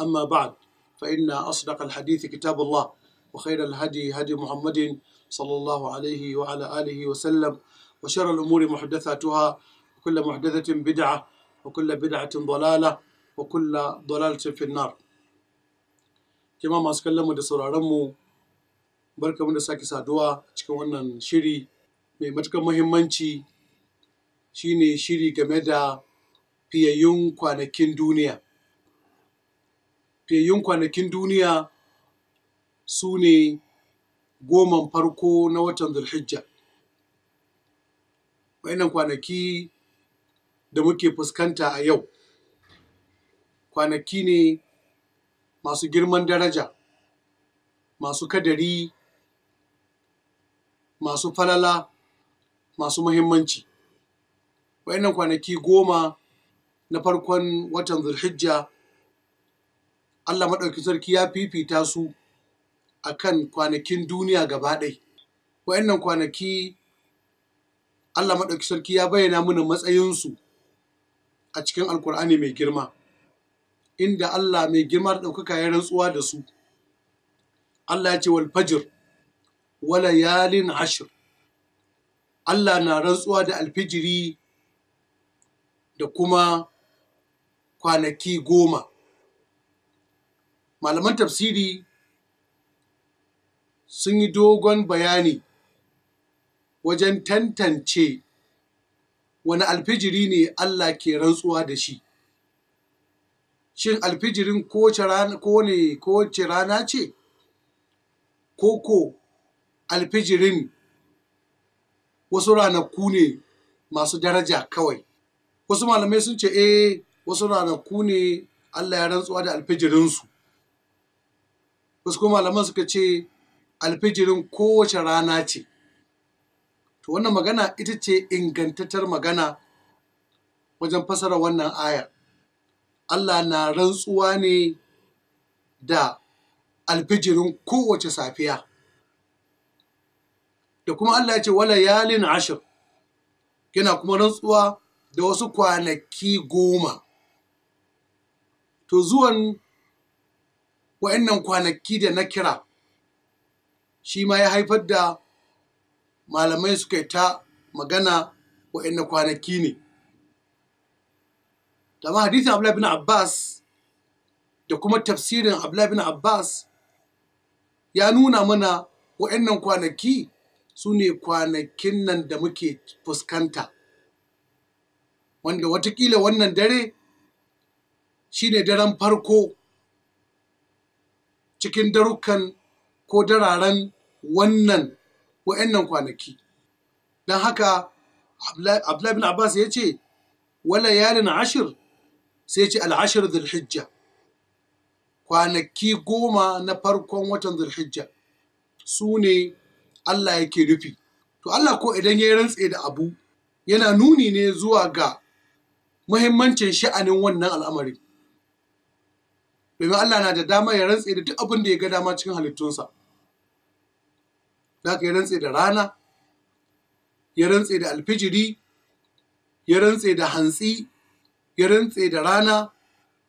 أما بعد فإن أصدق الحديث كتاب الله وخير الهدي هدي محمد صلى الله عليه وعلى آله وسلم وشر الأمور محدثاتها وكل محدثة بدعة وكل بدعة ضلالة وكل ضلالة في النار كما ما سكلموا دي سرارمو barkamu da sake saduwa cikin wannan shiri mai matuƙar muhimmanci shine shiri game da fiyayyun كين دونيا fiyayyun kwanakin duniya su ne goman farko na watan zulhijja wayannan kwanaki da muke fuskanta a yau kwanaki ne masu girman daraja masu kadari masu falala masu muhimmanci wayannan kwanaki goma na farkon watan zulhijja Allah maɗauki sarki ya fifita su akan kwanakin duniya gaba ɗai. Wa'annan kwanaki Allah maɗauki sarki ya bayyana mana matsayinsu a cikin Alƙur'ani mai girma, inda Allah mai girma da ɗaukaka ya rantsuwa da su. Allah ya ce wal fajr wa layalin ashir. Allah na rantsuwa da alfijiri da kuma kwanaki goma. malaman tafsiri sun yi dogon bayani wajen tantance wani alfijiri ne Allah ke rantsuwa da shi shin alfijirin kowace rana ce Ko ko, alfijirin wasu ranaku ne masu daraja kawai wasu malamai sun ce eh wasu ranaku ne Allah ya rantsuwa da alfijirinsu wasu kuma malaman suka ce alfijirin kowace rana ce to wannan magana ita ce ingantattar magana wajen fasara wannan ayar Allah na rantsuwa ne da alfijirin kowace safiya da kuma Allah ya ce wala yalin ashir yana kuma rantsuwa da wasu kwanaki goma to zuwan nan kwanaki da na kira shi ma ya haifar da malamai suka yi ta magana wa'annan kwanaki ne dama hadisin Abdullahi bin Abbas da kuma tafsirin Abdullahi bin Abbas ya nuna mana nan kwanaki su ne kwanakin nan da muke fuskanta wanda watakila wannan dare shi ne daren farko cikin darukan ko dararen wannan wa'annan kwanaki don haka abdullahi bin abbas ya ce wala yalin ashir sai ce al'ashir zulhijja kwanaki goma na farkon watan zulhijja su ne allah yake rufi. to allah ko idan ya rantse da abu yana nuni ne zuwa ga muhimmancin sha'anin wannan al'amarin. domin Allah na da dama ya rantse da duk abin da ya ga dama cikin halittunsa da ka ya rantse da rana ya rantse da alfijiri ya rantse da hantsi ya rantse da rana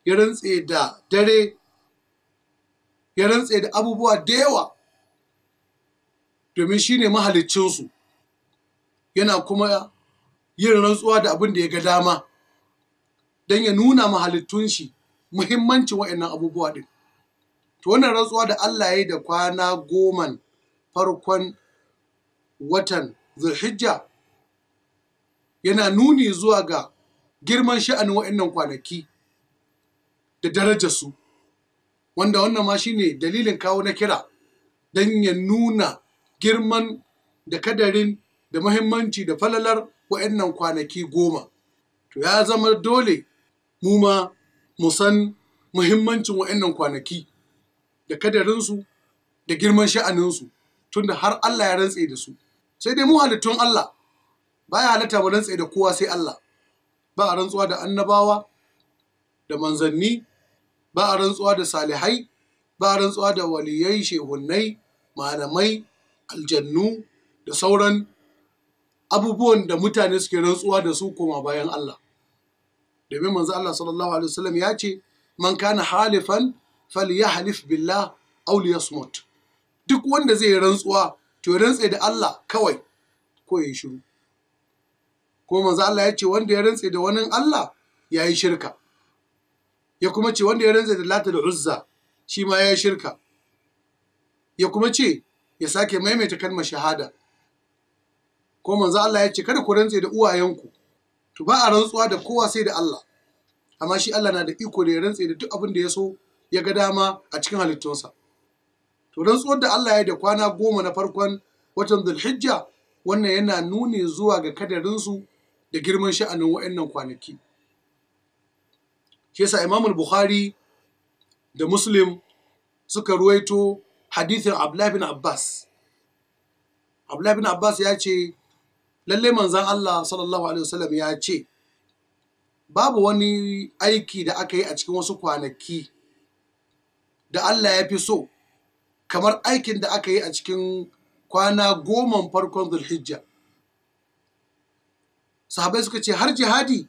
ya rantse da dare ya rantse da abubuwa da yawa domin shi ne mahaliccinsu yana kuma yin rantsuwa da abin da ya ga dama don ya nuna mahalittun shi muhimmancin wa'annan abubuwa din to wannan rantsuwa da Allah ya yi da kwana goman farkon watan zulhijja yana nuni zuwa ga girman sha'anin wa'annan kwanaki da su, wanda wannan ma shine dalilin kawo na kira don ya nuna girman da kadarin da mahimmanci da falalar wa'annan kwanaki goma to ya zama dole mu ma mu san muhimmancin wa'annan kwanaki da kadarinsu da girman sha'aninsu tunda har Allah ya rantse da su sai dai mu halittun Allah baya halatta mu rantse da kowa sai Allah ba a rantsuwa da annabawa da manzanni ba a rantsuwa da salihai ba a rantsuwa da waliyai shehunnai malamai aljannu da sauran abubuwan da mutane suke rantsuwa da su koma bayan Allah domin manzo Allah sallallahu alaihi wasallam ya ce man kana halifan falyahlif billah aw liyasmut duk wanda zai rantsuwa to ya rantse da Allah kawai ko ya shiru ko manzo Allah ya ce wanda ya rantse da wani Allah ya yi shirka ya kuma ce wanda ya rantse da Lata da Uzza shi ma ya yi shirka ya kuma ce ya sake maimaita kalmar shahada ko manzo Allah ya ce kada ku rantse da uwayenku to ba a rantsuwa da kowa sai da Allah amma shi Allah na da iko da ya rantse da duk abin da ya so ya ga dama a cikin halittunsa to rantsuwar da Allah ya da kwana goma na farkon watan Dhulhijja wannan yana nuni zuwa ga su da girman sha'anin wa'annan kwanaki shi yasa Imam Bukhari da Muslim suka ruwaito hadithin Abdullah bin Abbas Abdullah bin Abbas ya ce lalle manzan Allah sallallahu alaihi wasallam ya ce babu wani aiki da aka yi a cikin wasu kwanaki da Allah ya fi so kamar aikin da aka yi a cikin kwana goma farkon zulhijja sahabai suka ce har jihadi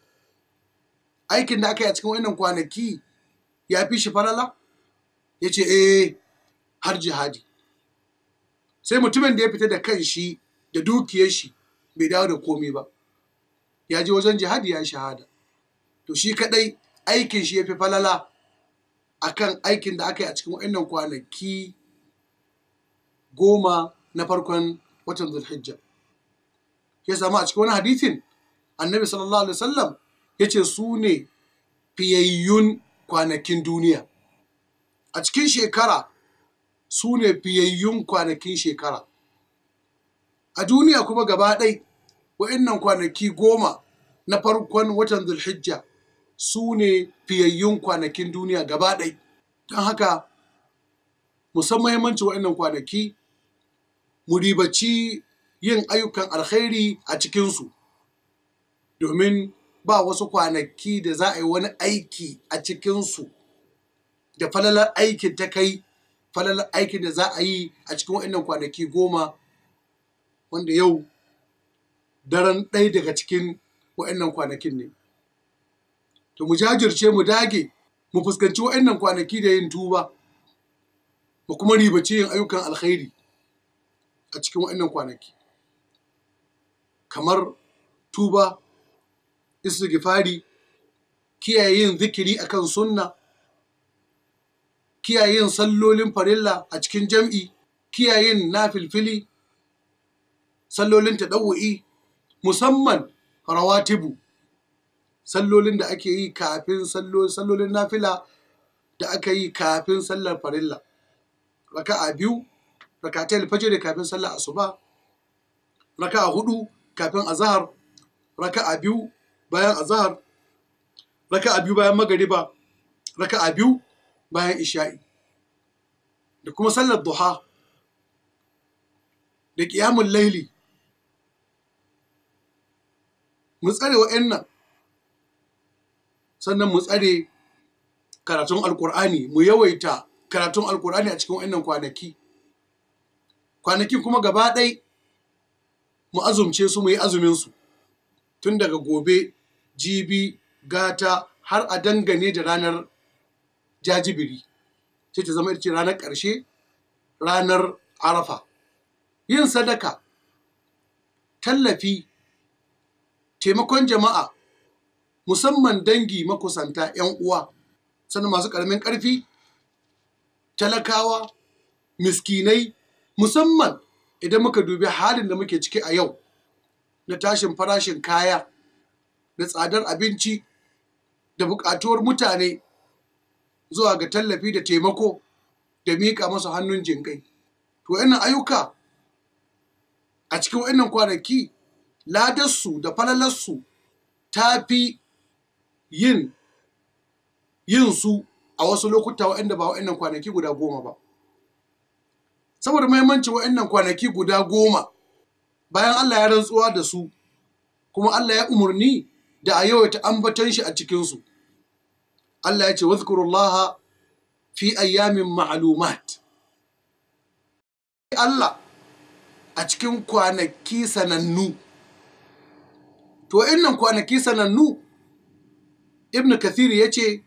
aikin da aka yi a cikin wannan kwanaki ya fi shi farala ya ce eh har jihadi sai mutumin da ya fita da kan shi da dukiyar shi bai dawo da komai ba ya je wajen jihadi ya shahada to shi kadai aikin shi ya fi falala akan aikin da aka yi a cikin wa'annan kwanaki goma na farkon watan zulhijja ya samu a cikin wani hadithin annabi sallallahu alaihi wasallam ya ce su ne fiyayyun kwanakin duniya a cikin shekara su ne fiyayyun kwanakin shekara a duniya kuma gaba ɗaya. wa'innan kwanaki goma na farkon watan zulhijja su ne fiyayyun kwanakin duniya gaba ɗai don haka musan mahimmanci wa'innan kwanaki mu ribaci yin ayyukan alkhairi a cikinsu domin ba wasu kwanaki da za a yi wani aiki a cikinsu da falalar aikin ta kai falalar aikin da za a yi a cikin waannan kwanaki goma wanda yau daren ɗaya daga cikin wa'annan kwanakin ne to mu jajirce mu dage mu fuskanci wa'annan kwanaki da yin tuba mu kuma ribace yin ayyukan alkhairi a cikin wa'annan kwanaki kamar tuba istighfari kiyaye yin zikiri akan sunna kiyaye yin sallolin farilla a cikin jam'i kiyaye yin nafilfili sallolin taɗau'i. musamman rawatibu sallolin da ake yi kafin sallolin nafila da aka yi kafin sallar farilla raka'a biyu raka'atul da kafin sallar asuba raka'a hudu kafin azhar raka'a biyu bayan azhar raka'a biyu bayan magariba raka'a biyu bayan isha'i da kuma sallar duha da qiyamul laili mu tsare wa wa'annan sannan mu tsare karatun alkur'ani mu yawaita karatun alkur'ani a cikin wa'annan kwanaki kwanakin kuma gaba ɗai mu azumce su mu yi azuminsu tun daga gobe jibi gata har a dangane da ranar jajibiri sai ta zama ce ranar ƙarshe ranar arafa yin sadaka tallafi taimakon jama'a musamman dangi makusanta 'yan uwa sannan masu ƙaramin ƙarfi talakawa miskinai musamman idan muka dubi halin da muke ciki a yau na tashin farashin kaya da tsadar abinci da buƙatuwar mutane zuwa ga tallafi da taimako da miƙa masa hannun jinƙai to ayyuka a cikin wannan kwanaki ladarsu da falalarsu ta fi yin yin su a wasu lokuta waɗanda ba waɗannan kwanaki guda goma ba saboda mahimmanci waɗannan kwanaki guda goma bayan Allah ya rantsuwa da su kuma Allah ya umarni da a yawaita ambaton shi a cikinsu Allah ya ce wazkurullah fi ayyamin ma'lumat Allah a cikin kwanaki sanannu to nan kwanaki sanannu ibn kathir ya ce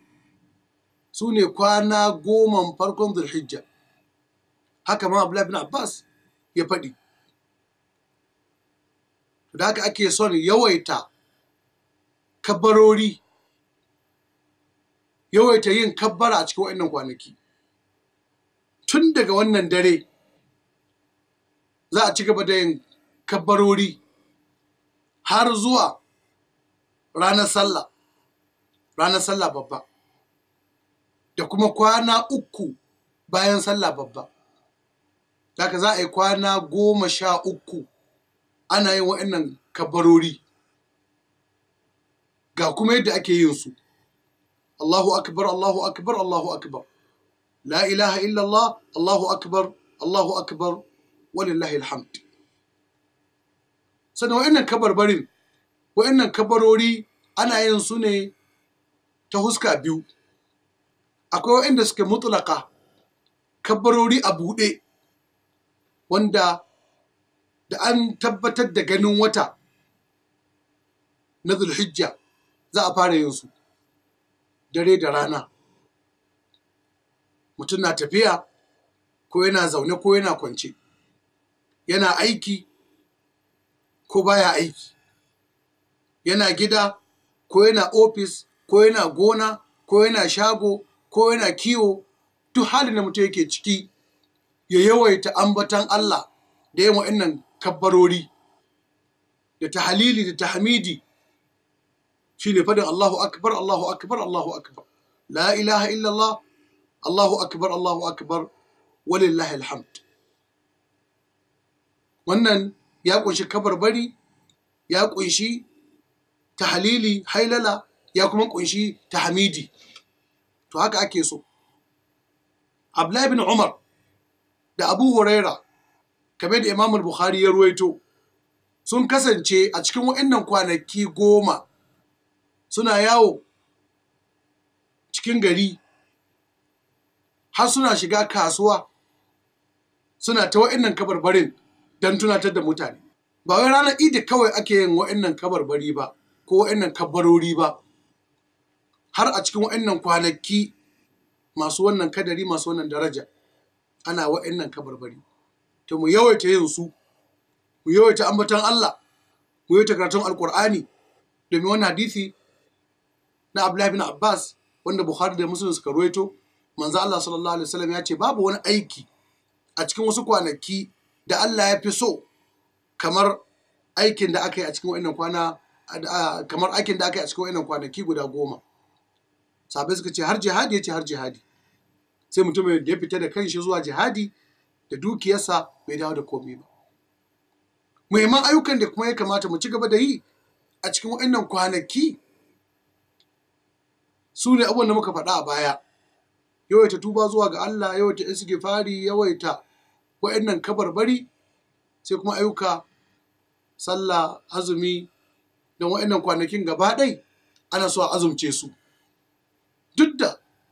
su ne kwana goma farkon zulhijja haka ma abdullahi ibn abbas ya faɗi da haka ake son yawaita kabarori, yawaita yin kabbara a cikin waɗannan kwanaki tun daga wannan dare za a ci gaba da yin kabarori. har zuwa ranar sallah ranar sallah babba da kuma kwana uku bayan sallah babba daga za a yi kwana goma sha uku ana yin waɗannan kabarori ga kuma yadda ake yin su Allahu akbar Allahu akbar Allahu akbar la ilaha illallah Allahu akbar Allahu akbar walillahi alhamd sannan wa'annan kabarbarin wa'annan kabarori ana yin su ne ta huska biyu akwai wa'anda suke mutulaka kabarori a buɗe wanda da an tabbatar da ganin wata na zulhijja za a fara yin su dare da rana mutum na tafiya ko yana zaune ko yana kwance yana aiki ko baya aiki yana gida ko yana ofis ko yana gona ko yana shago ko yana kiwo duk halin da mutum yake ciki ya yawaita ambatan Allah da yin wa'annan kabbarori da ta halili, da ta hamidi. shi ne faɗin Allahu akbar Allahu akbar Allahu akbar la ilaha illallah Allahu akbar Allahu akbar walillahi alhamd wannan ya ƙunshi kabarbari ya ƙunshi halili hailala ya kuma ƙunshi ta hamidi, to haka ake so abla bin Umar da Abu Huraira kamar da Imam Bukhari ya ruwaito sun kasance a cikin waɗannan kwanaki goma suna yawo cikin gari har suna shiga kasuwa suna ta wa'annan kabarbarin don tunatar da mutane ba wai ranar idi kawai ake yin wa'annan kabarbari ba ko wa'annan kabarori ba har a cikin wa'annan kwanaki masu wannan kadari masu wannan daraja ana wa'annan kabarbari to mu yawaita yin su mu yawaita ambatan Allah mu yawaita karatun alkur'ani domin wani hadisi na Abdullahi bin Abbas wanda Buhari da Muslim suka ruwaito manzo Allah sallallahu alaihi wasallam ya ce babu wani aiki a cikin wasu kwanaki da Allah ya fi so kamar aikin da aka yi a cikin wa'annan kwana kamar aikin da aka yi a cikin kwanaki guda goma sabai suka ce har jihadi ya ce har jihadi sai mutum da ya fita da kan shi zuwa jihadi da dukiyarsa bai dawo da komai ba muhimman ayyukan da kuma ya kamata mu ci gaba da yi a cikin wa'annan kwanaki su ne abubuwan da muka faɗa a baya yawaita tuba zuwa ga Allah yawaita istighfari yawaita kabar-bari sai kuma ayyuka sallah azumi don wa'annan kwanakin gaba ɗai ana so a azumce su duk da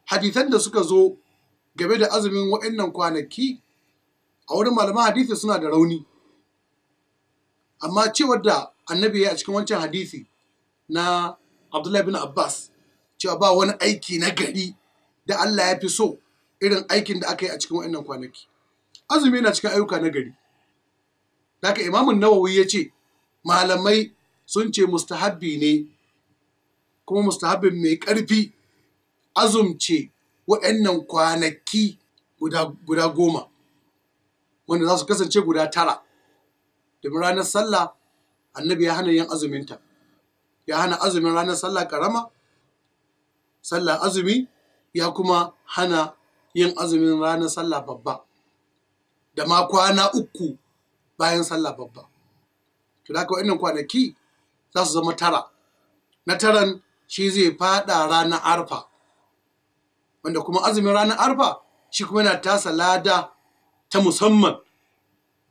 hadithan da suka zo game da azumin wa'annan kwanaki a wurin malaman hadisi suna da rauni amma cewar da annabi ya a cikin wancan hadisi na abdullahi bin abbas cewa ba wani aiki na gari da allah ya fi so irin aikin da aka yi a cikin wa'annan kwanaki azumi na cikin ayyuka na gari daga imamun nawawi ya ce malamai sun ce mustahabbi ne kuma mustahabbin mai ƙarfi azumce waɗannan kwanaki guda goma wanda za su kasance guda tara domin ranar sallah annabi ya hana yin azuminta ya hana azumin ranar sallah karama sallah azumi ya kuma hana yin azumin ranar sallah babba da ma kwana uku bayan sallah babba to da wa'annan kwanaki za su zama tara na taran shi zai fada ranar arfa wanda kuma azumin ranar arfa shi kuma yana tasa lada ta musamman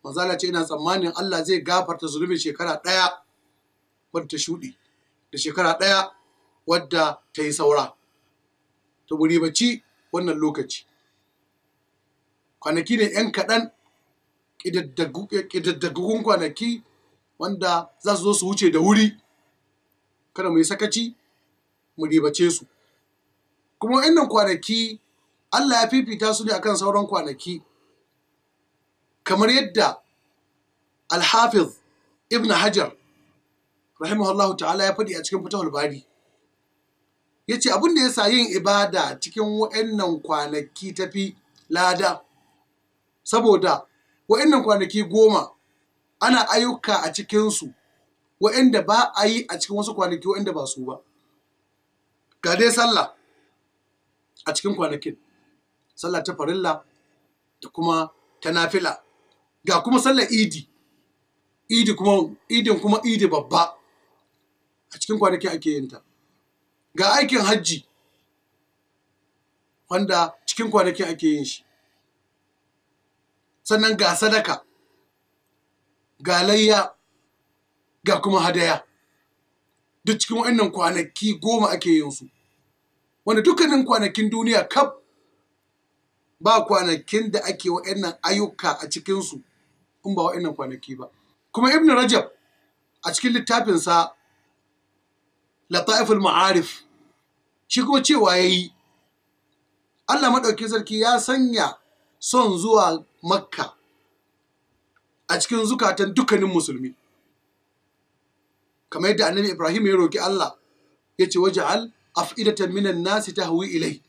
manzala ce ina tsammanin Allah zai gafarta zunubin shekara ɗaya wadda ta shuɗe da shekara ɗaya wadda ta yi saura ta guri bacci wannan lokaci kwanaki ne 'yan kaɗan ƙididdagugun eh, kwanaki wanda za su zo su wuce da wuri kada mu yi sakaci mu ribace su kuma wa'annan kwanaki Allah ya fifita su ne akan sauran kwanaki kamar yadda alhafiz ibn hajar rahimahullahu ta'ala ya faɗi a cikin fita bari ya ce abin da ya sa yin ibada cikin wa'annan kwanaki tafi lada saboda wa'annan kwanaki goma ana ayyuka a cikinsu wa'anda ba a yi a cikin wasu kwanaki wa'anda ba su ba ga dai sallah a cikin kwanakin sallah ta farilla da kuma ta nafila ga kuma sallah idi idi kuma idin kuma idi babba a cikin kwanakin ake yin ta ga aikin hajji wanda cikin kwanakin ake yin shi sannan ga sadaka ga layya ga kuma hadaya duk cikin wa'annan kwanaki goma ake yin su wanda dukkanin kwanakin duniya kaf ba kwanakin da ake wa'annan ayyuka a cikinsu in ba wa'annan kwanaki ba kuma ibn rajab a cikin littafinsa lata'iful ma'arif shi kuma cewa ya yi allah maɗauki sarki ya sanya son zuwa makka a cikin zukatan dukkanin musulmi kamar yadda annabi ibrahim ya roƙi allah ya ce waja'al af'idatan minan nasi ta hawi ilai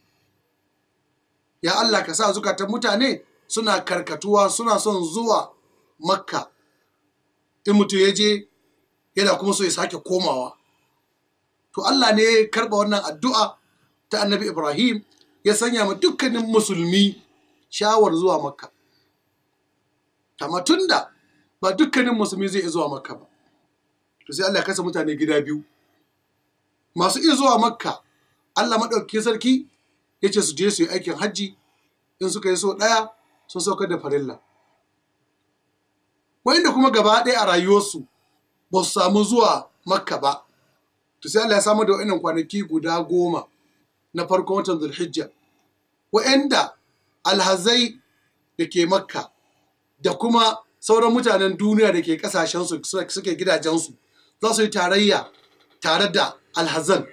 ya allah ka sa zukatan mutane suna karkatuwa suna son zuwa makka in mutum ya je yana kuma so ya sake komawa to allah ne ya karɓa wannan addu'a ta annabi ibrahim ya sanya ma dukkanin musulmi shawar zuwa makka amma da ba dukkanin musulmi zai iya zuwa makka ba to sai Allah ya kasa mutane gida biyu masu iya zuwa makka Allah maɗauki sarki ya ce su je su yi aikin hajji in suka yi so ɗaya sun saukar da farilla wanda kuma gaba ɗaya a rayuwarsu ba su samu zuwa makka ba to sai Allah ya samu da wa'annan kwanaki guda goma na farkon watan zulhijja wa'anda alhazai da ke makka da kuma sauran mutanen duniya da ke kasashensu suke gidajensu za su yi tarayya tare da alhazan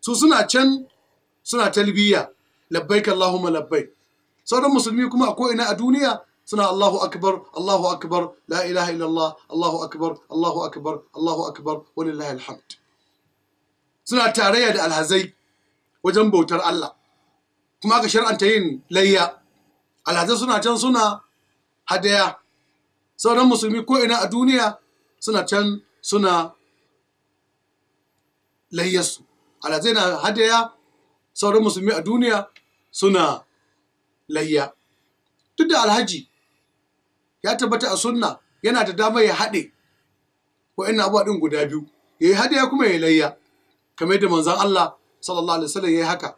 su suna can suna talbiya labbaik Allahumma labbaik sauran musulmi kuma a ko'ina a duniya suna Allahu akbar Allahu akbar la ilaha illallah Allahu akbar Allahu akbar Allahu akbar walillahi alhamd suna tarayya da alhazai wajen bautar Allah kuma aka shar'anta yin layya alhazai suna can suna hadaya sauran musulmi ko ina a duniya suna can suna layyarsu alazai na hadaya sauran musulmi a duniya suna layya duk da alhaji ya tabbata a sunna yana da dama ya haɗe wa'annan abuwa ɗin guda biyu ya yi hadaya kuma ya layya kamar da manzan Allah sallallahu alaihi wasallam ya yi haka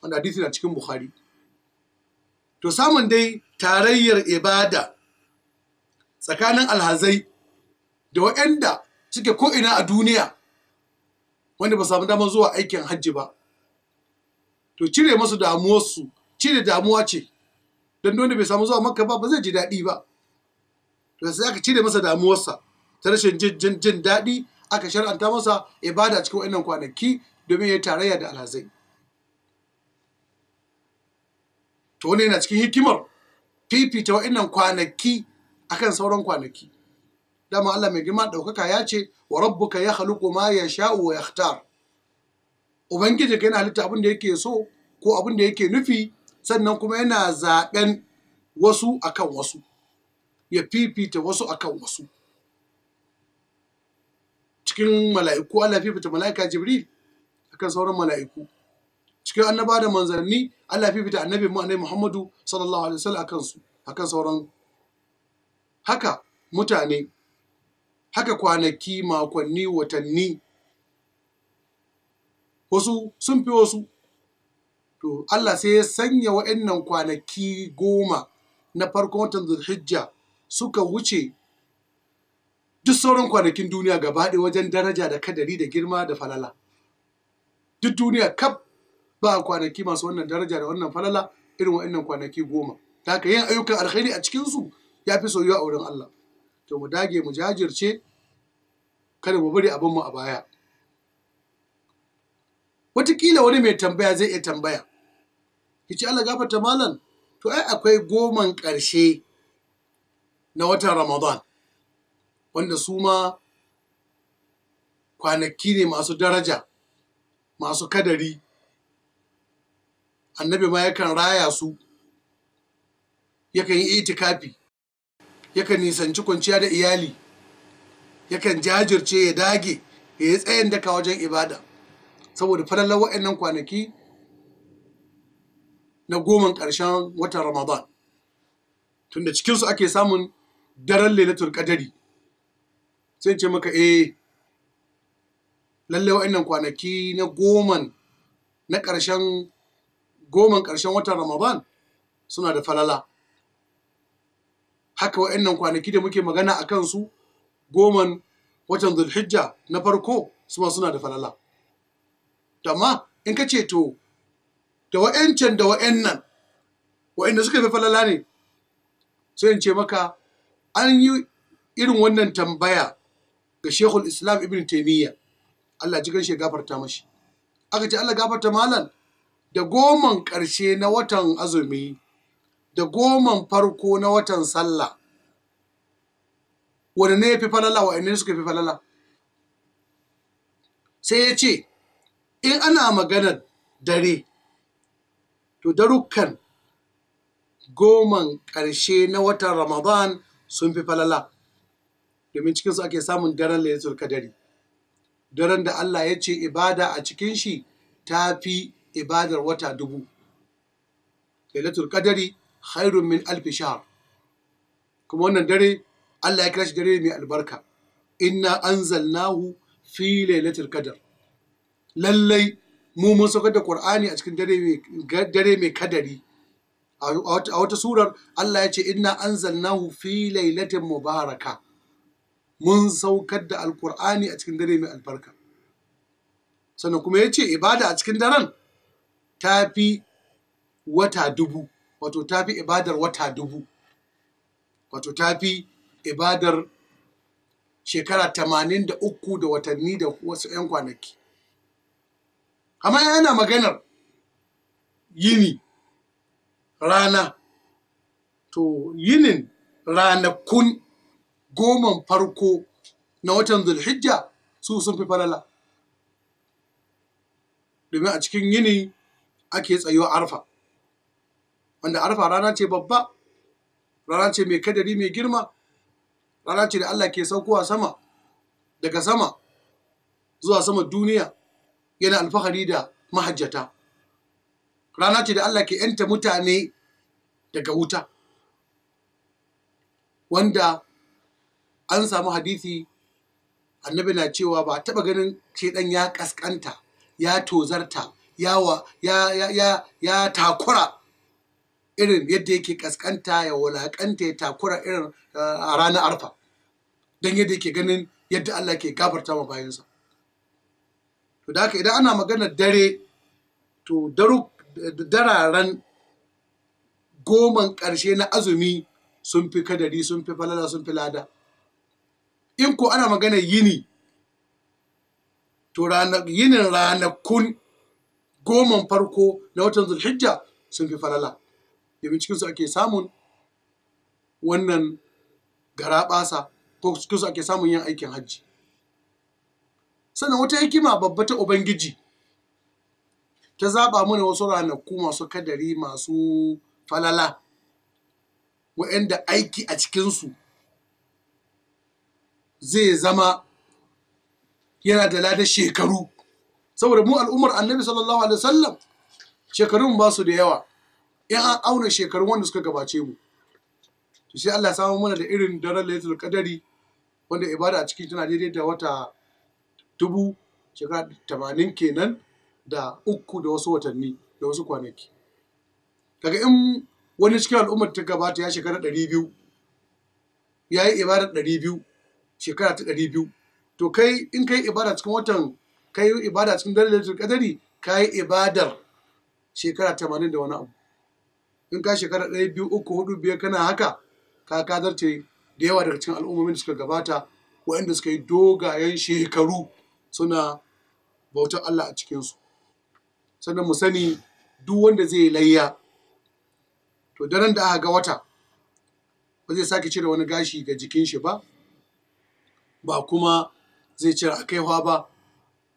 wanda hadithi na cikin Bukhari to samun dai tarayyar ibada tsakanin alhazai da waɗanda suke ko'ina a duniya wanda ba samu damar zuwa aikin hajji ba to cire masu damuwarsu cire damuwa ce don wanda bai samu zuwa makka ba ba zai ji daɗi ba to sai aka cire masa damuwarsa ta rashin jin daɗi aka shar'anta masa ibada cikin wa'annan kwanaki domin ya tarayya da alhazai to wani yana cikin hikimar fifita wa'innan kwanaki akan sauran kwanaki dama Allah mai girma ɗaukaka ya ce wa rabbuka ya haluku ma ya sha'u wa yakhtar ubangiji na halitta abin da yake so ko abin da yake nufi sannan kuma yana zaben wasu akan wasu ya fifita wasu akan wasu cikin mala'iku Allah fifita mala'ika Jibril akan sauran mala'iku cikin annaba da manzanni Allah fi fita annabi mu annabi Muhammadu sallallahu alaihi wasallam akan su akan sauran haka mutane haka kwanaki makonni watanni wasu sun fi wasu to Allah sai ya sanya wa'annan kwanaki goma na farkon watan Zulhijja suka wuce duk sauran kwanakin duniya gaba ɗaya wajen daraja da kadari da girma da falala duk duniya kaf ba kwanaki masu wannan daraja da wannan falala irin wa'annan kwanaki goma ta ka yin ayyukan alkhairi a cikinsu ya fi soyuwa a wurin Allah to mu dage mu jajirce kada mu bari abin mu a baya Wataƙila wani mai tambaya zai iya tambaya kici Allah gafarta malam to ai akwai goman ƙarshe na watan Ramadan wanda su ma kwanaki ne masu daraja masu kadari annabi ma yakan raya su yakan yi itikafi yakan nisanci kwanciya da iyali yakan jajirce ya dage ya yi tsayin daka wajen ibada saboda falalar wa'annan kwanaki na goma ƙarshen watan ramadan tunda cikinsu ake samun daren lailatul kadari sai ce maka eh lallai wa'annan kwanaki na goma na ƙarshen goman ƙarshen watan Ramadan suna da falala. Haka wa'annan kwanaki da muke magana a kansu goman watan Zulhijja na farko suma suna da falala. Amma in ka ce to da wa'ancan da wa'annan wa'anda suka fi falala ne sai in ce maka an yi irin wannan tambaya ga Shekul Islam Ibn Taimiyya Allah ji ya gafarta mashi. Aka ce Allah gafarta malam da goman ƙarshe na watan azumi da goman farko na watan sallah wanda ne ya fi falala ne suka fi falala sai ya ce in ana maganar dare to darukan goman ƙarshe na watan ramadan sun fi falala domin cikinsu ake samun daren lailatul dare daren da Allah ya ce ibada a cikin shi ta fi ibadar wata dubu lailatul qadari khairun min alf shahr kuma wannan dare Allah ya kira shi dare mai albarka inna anzalnahu fi lailatul qadar lallai mu mun saukar da Qur'ani a cikin dare mai kadari a wata surar Allah ya ce inna anzalnahu fi lailatin mubaraka mun saukar da alkur'ani a cikin dare mai albarka sannan kuma ya ce ibada a cikin daren ta fi wata dubu wato ta fi ibadar wata dubu wato ta fi ibadar shekara tamanin da uku da watanni da wasu 'yan kwanaki amma yana maganar yini rana to yinin ranakun goman farko na watan zulhijja su sun fi falala domin a cikin yini ake tsayo arfa wanda arfa rana ce babba rana ce mai kadari mai girma rana ce da Allah ke saukowa sama daga sama zuwa sama duniya yana alfahari da mahajjata rana ce da Allah ke yanta mutane daga wuta wanda an samu hadisi annabi na cewa ba taɓa ganin shedan ya kaskanta ya tozarta ya takura irin yadda yake kaskanta ya wulakanta ya takura irin eh, a ranar arfa don yadda yake ganin yadda Allah ke gabarta ma bayansa to da haka idan ana maganar dare to dararen goman ƙarshe na azumi sun fi kadari sun fi falala sun fi lada in ko ana maganar yini to yinin ranakun goman farko na watan zulhijja sun fi falala domin cikinsu ake samun wannan gara ɓasa ko cikinsu ake samun yin aikin hajji sannan wata hikima babba ta ubangiji ta zaɓa mana wasu ranaku masu kadari masu falala wayanda aiki a cikinsu zai zama yana da ladar shekaru saboda mu al'ummar annabi sallallahu alaihi wasallam shekarun ba su da yawa in an auna shekarun wanda suka gabace mu to sai Allah ya samu mana da irin daren lailatul qadari wanda ibada a ciki tana daidai da wata dubu shekara tamanin kenan da uku da wasu watanni da wasu kwanaki kaga in wani cikin al'ummar ta gabata ya shekara ɗari biyu ya yi ibada ɗari biyu shekara ta ɗari biyu to kai in kai ibada cikin watan ka yi ibada cikin dalilin kadari ka yi ibadar shekara tamanin da wani abu in ka shekara ɗaya biyu uku hudu biyar kana haka ka kadarce da yawa daga cikin al'ummomin da suka gabata waɗanda suka yi dogayen shekaru suna bautar Allah a cikinsu sannan mu sani duk wanda zai layya to daren da aka ga wata ba zai sake cire wani gashi ga jikin shi ba ba kuma zai cire kaiwa ba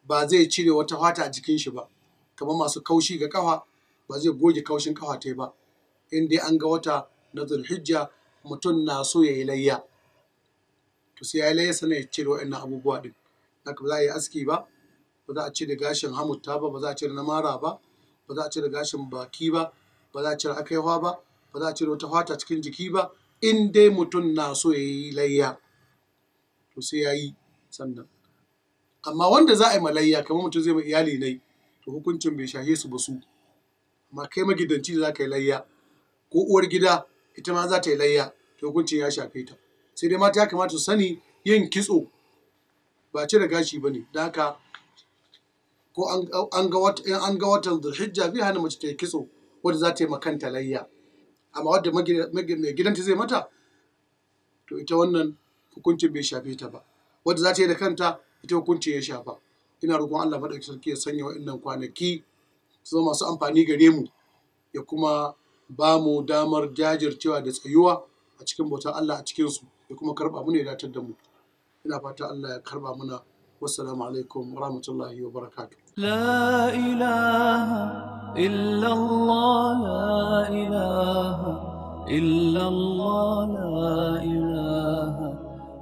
ba zai cire wata fata a jikin shi ba kamar masu kaushi ga kafa ba zai goge kaushin kafa ta ba in dai an ga wata na zulhijja mutum na so ya yi layya to sai ya yi layya sana ya cire waɗannan abubuwa din haka ba za a yi aski ba ba za a cire gashin hamutta ba ba za a cire na mara ba ba za a cire gashin baki ba ba za a cire akaiwa ba ba za a cire wata fata cikin jiki ba in dai mutum na so ya yi layya to sai ya yi sannan amma wanda za a yi malayya kamar mutum zai ma iyali ne to hukuncin bai shahe su ba su amma kai magidanci da za ka yi layya ko uwar gida ita ma za ta yi layya to hukuncin ya shafe ta sai dai mata ya kamata su sani yin kitso ba cire gashi ba ne da haka ko an ga watan zulhijja bi hana mace ta yi kitso wadda za ta yi makanta layya amma wadda mai gidanta zai mata to ita wannan hukuncin bai shafe ta ba wadda za ta yi da kanta ita hukunci ya shafa ina roƙon Allah madaukakin sarki ya sanya wa'annan kwanaki su zama masu amfani gare mu ya kuma ba mu damar jajircewa da tsayuwa a cikin bautar Allah a cikin su ya kuma karba mu ne datar da mu ina fata Allah ya karba muna wassalamu alaikum wa rahmatullahi wa barakatuh la ilaha illa Allah la ilaha illa Allah la ilaha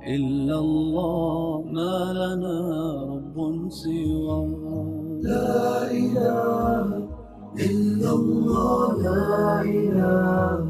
illa Allah ما لنا رب سواه لا إله إلا الله لا إله